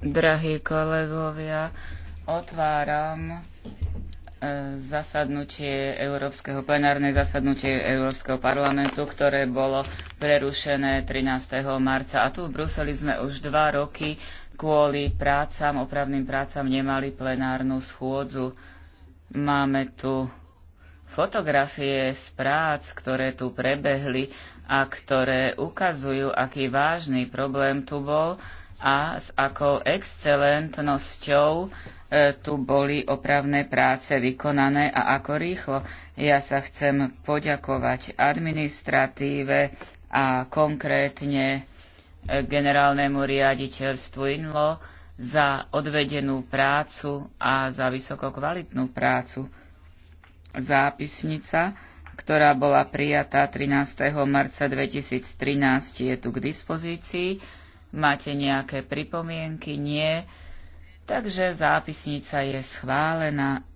Drahí kolegovia, otváram e, zasadnutie Európskeho plenárne zasadnutie Európskeho parlamentu, ktoré bolo prerušené 13. marca. A tu v Bruseli sme už dva roky kvôli prácam, opravným prácam nemali plenárnu schôdzu. Máme tu Fotografie z prác, ktoré tu prebehli a ktoré ukazujú, aký vážny problém tu bol a s akou excelentnosťou e, tu boli opravné práce vykonané a ako rýchlo. Ja sa chcem poďakovať administratíve a konkrétne e, generálnemu riaditeľstvu INLO za odvedenú prácu a za vysokokvalitnú prácu. Zápisnica, ktorá bola prijatá 13. marca 2013, je tu k dispozícii. Máte nejaké pripomienky? Nie. Takže zápisnica je schválená.